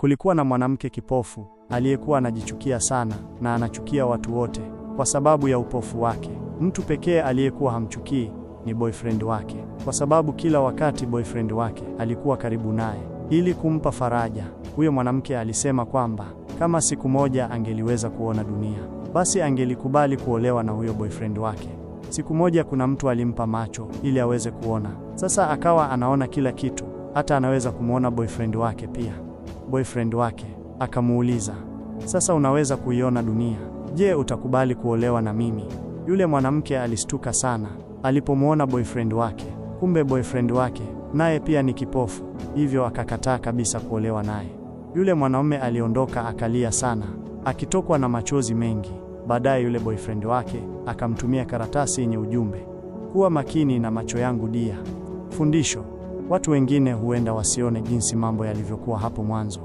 Kulikuwa na mwanamke kipofu aliyekuwa anajichukia sana na anachukia watu wote kwa sababu ya upofu wake. Mtu pekee aliyekuwa hamchukii ni boyfriend wake, kwa sababu kila wakati boyfriend wake alikuwa karibu naye. Ili kumpa faraja, huyo mwanamke alisema kwamba kama siku moja angeliweza kuona dunia, basi angelikubali kuolewa na huyo boyfriend wake. Siku moja kuna mtu alimpa macho ili aweze kuona. Sasa akawa anaona kila kitu, hata anaweza kumwona boyfriend wake pia boyfriend wake, akamuuliza, sasa unaweza kuiona dunia, je, utakubali kuolewa na mimi? Yule mwanamke alistuka sana alipomwona boyfriend wake. Kumbe boyfriend wake naye pia ni kipofu, hivyo akakataa kabisa kuolewa naye. Yule mwanaume aliondoka akalia sana, akitokwa na machozi mengi. Baadaye yule boyfriend wake akamtumia karatasi yenye ujumbe, kuwa makini na macho yangu dia. Fundisho: watu wengine huenda wasione jinsi mambo yalivyokuwa hapo mwanzo.